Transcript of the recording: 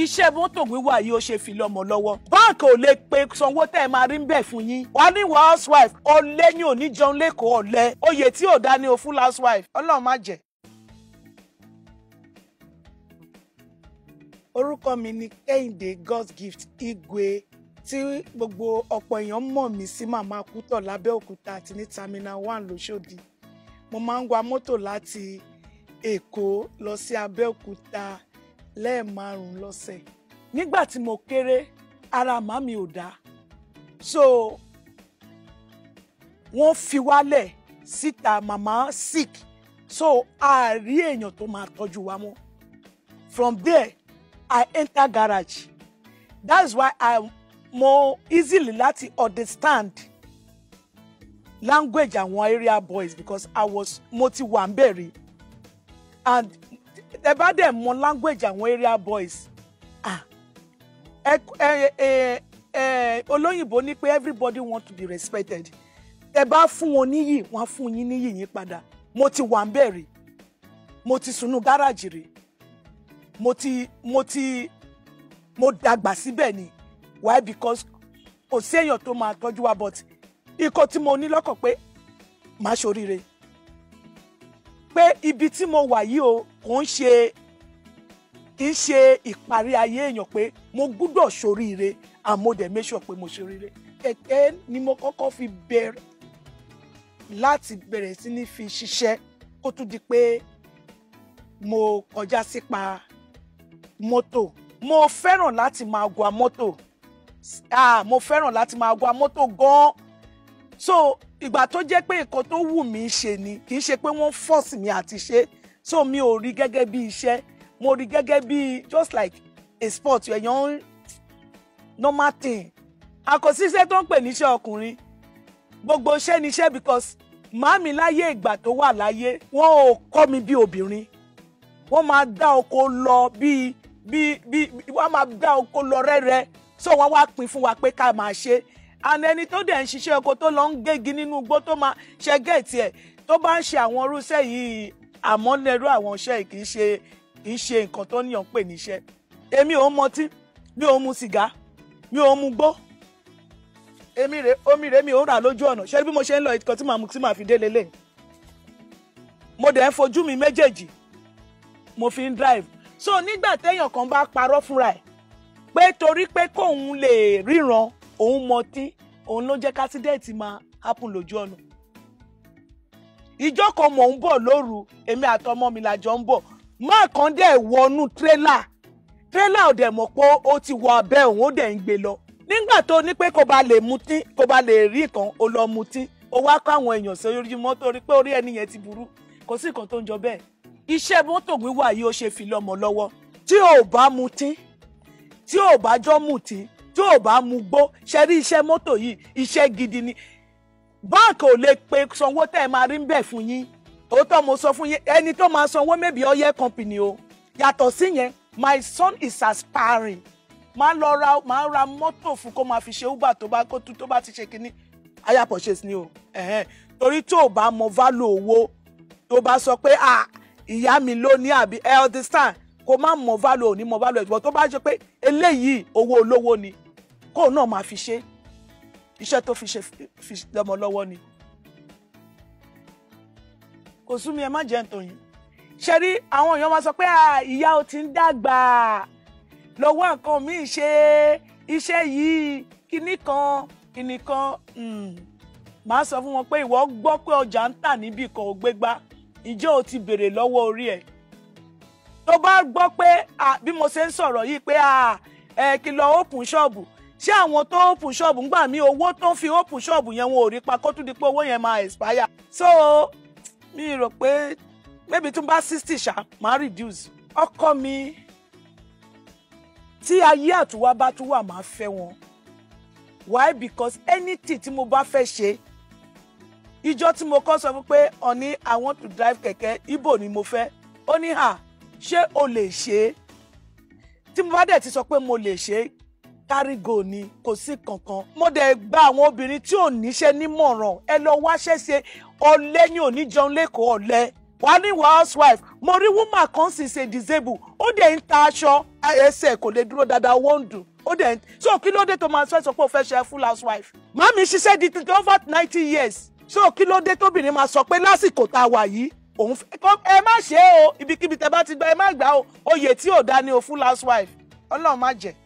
iṣẹ́ mọ́tò wíwà yìí ó ṣe fi lọ́mọ lọ́wọ́ báńkì ò lè pe sanwó tẹ́ ẹ máa rí ń bẹ̀ fún yín wọn ní wà housewife ọ̀lẹ ni ò ní jẹun lẹ́kọ̀ọ́ ọ̀lẹ oyè tí ò dá ni ò fún housewife ọlọ́run má jẹ́. orúkọ mi ni kẹ́hìndé god's gift igwe tí gbogbo ọ̀pọ̀ èèyàn mọ̀ mí sí màmá kútọ̀ lábẹ́òkúta àti ní terminal one lóṣòdì mo máa ń wa mọ́tò láti èkó lọ sí abẹ́òkúta lẹ́ẹ̀márùn-ún lọ́sẹ̀ nígbà tí mo kéré ara màmí ò dáa so wọ́n fi wálẹ̀ síta màmá sick so a rí èèyàn tó máa tọ́jú wa mọ́ from there I enter garage that's why I mo easily láti understand language àwọn area boys because I was mo ti wà ń bẹ̀rẹ̀ and ẹ bá dẹ̀ mọ language àwọn area boys ah, olóyìnbó ní pé everybody want to be respected ẹ bá fún wọn níyì wọn á fún yín níyì yín padà mo ti wà ń bẹ̀rẹ̀ mo ti sùnú gáràjì rè mo ti mo ti mo dàgbà síbẹ̀ ni why because kò sí èèyàn tó máa tọ́jú wa but ikọ̀ tí mo ní lọ́kàn pé màá ṣoríire pé ibi tí mo wà yìí o kò ń ṣe kì í ṣe ìparí ayé èèyàn pé mo gbúdọ̀ ṣoríire àmọ́dẹ̀ make sure pé mo ṣoríire kẹ̀kẹ́ ni mo kọ́kọ́ fi bẹ̀rẹ̀ láti bẹ̀rẹ̀ sí ní fi ṣiṣẹ́ kó tún di pé mo kọjá sípa mọ́tò mo fẹ́ràn láti máa gua mọ́tò ah mo fẹ́ràn láti máa gua mọ́tò gan-an so ìgbà tó jẹ́ pé nǹkan tó wù mí ṣe ni kì í ṣe pé wọ́n force mi àti ṣe so mi ò rí gẹ́gẹ́ bí iṣẹ́ mo rí gẹ́gẹ́ bí just like a sport ẹ̀yàn normal thing àkọsí iṣẹ́ tó ń pè níṣẹ́ ọkùnrin gbogbo iṣẹ́ níṣẹ́ because màámi láyé ìgbà tó wà láyé wọn ò kọ́ mi bí obìnrin wọ́n máa dá oko lọ bíi bíi bíi wọ́n máa dá oko lọ rẹ́rẹ́ so wọ́n wá pín fún wa pé ká máa ṣe and ẹni tó dẹ̀ ń ṣiṣẹ́ oko tó lọ ń gégi nínú igbó tó máa ṣe géètì ẹ̀ tó bá ń ṣe àwọn irúṣẹ́ yìí àmọ́ lẹ́rú àwọn iṣẹ́ yìí kì í ṣe kì í ṣe nǹkan tó níyàn pè níṣẹ́ èmi ò ń mọtí mi ò ń mu sìgá mi ò ń mu gbó èmi rè omi rè mi ò ń rà lójú ọ̀nà ṣé bí mo ṣe ń lọ ìkan tí màá fi dé lélẹ̀ mo dẹ̀ ń fojú mi méjèèjì mo fi ń drive so nígbà téèyàn kan bá parọ́ fúnra ẹ̀ pé torí pé kóun lè ríran òun mọtí òun ló jẹ́ kásídẹ́ẹ̀tì máa hápùn lójú ọ̀nà ìjọ kan mò ń bọ̀ lóru èmi àtọmọ mi làjọ ń bọ̀ máa kàn dẹ̀ wọnú tírélà tírélà ò dẹ̀ mọ̀ pé ó ti wọ abẹ́ òun ó dẹ̀ ń gbé lọ nígbà tó ní pé kò bá lè mutí kò bá lè rí kan ó lọ mutí ó wá kó àwọn èèyàn sí orí mọ́tò rí pé orí ẹni yẹn ti burú kò sí nǹkan tó ń jọ bẹ́ẹ̀ iṣẹ́ mọ́tò wíwà yìí ó ṣe fi lọ́mọ lọ́wọ́ tí ò bá mutí tí ò bá jọ mutí tí ò bá mu gbó ṣe rí iṣẹ́ mọ́tò yìí iṣẹ́ gidi ni báńkì ò lè pe sanwó tẹ́ ẹ máa rí ń bẹ̀ fún yín òótọ́ mo sọ fún yín ẹni tó máa sanwó mẹ́bí ọyẹ́ company o yàtọ̀ sí yẹn my son is aspiring máa lọ ra máa ra mọ́tò fún kó máa fi ṣe uber tó bá kó tu tó bá ti ṣe kínní aya purchase ni o torí tó o bá mọ value owó tó bá sọ pé ah ìyá mi ló ní àbí ẹ understand kó má mọ value òní mọ value ẹ̀gbọ́n tó bá ṣe pé eléyìí owó olówó ni kóun náà máa fi ṣe iṣẹ́ tó fi ṣe fi lọ́mọ lọ́wọ́ ni kò sú mi ẹ má jẹ́ ń tòyìn ṣe rí àwọn èèyàn máa sọ pé ìyá o ti ń dàgbà lọ́wọ́ nǹkan míì ṣe iṣẹ́ yìí kinní kan kinní kan hmm. màá sọ fún wọn pé ìwọ gbọ́ pé ọjà ń tà níbì kan ò gbégbá ìjọ́ ò ti béèrè lọ́wọ́ orí ẹ̀ tó bá gbọ́ pé bí mo ṣe ń sọ̀rọ̀ yìí pé kí lọ open ṣọ́ọ̀bù ṣé àwọn tó open shop ń gbà mí owó tó fi open shop yẹn wọn ò rí pa kó tún di pé owó yẹn máa expire so mi rò pé maybe tún bá sixty ṣá máa reduce ọkọ mi tí ayé àtúwá bá tún wà máa fẹ́ wọn why because anything tí mo bá fẹ́ ṣe ìjọ tí mo kọ́ sọ fún pé ọ̀ní i want to drive kẹ̀kẹ́ ibo ni mo fẹ́ ó ní hà ṣé o lè ṣe é tí mo bá dẹ̀ ti sọ pé mo lè ṣe é kárígò ni kò sí kankan mo dẹ̀ gba àwọn obìnrin tí ò níṣẹ́ nímọ̀ràn ẹ lọ wáṣẹ́ ṣe ọ̀lẹ ni ò ní lẹ́kọ̀ọ́ ọ̀lẹ wàá ní housewife mo rí woman kan sì ṣe disable ó dẹ̀ ń ta aṣọ ẹsẹ̀ kò lè dúró dáadáa owó ń dùn ó dẹ̀ ń so kí ló dé tó máa sọ pé ó fẹ́ ṣe full housewife mami ṣiṣẹ́ di over ninety years so kí ló dé tóbìnrin máa sọ pé lásìkò tá a wà yìí òun fẹ́ ẹ má ṣe é o ibikíbi tẹ bá ti gbà ẹ má gbà o oyè tí ò dá ni o full housewife ọlọ́run má jẹ́.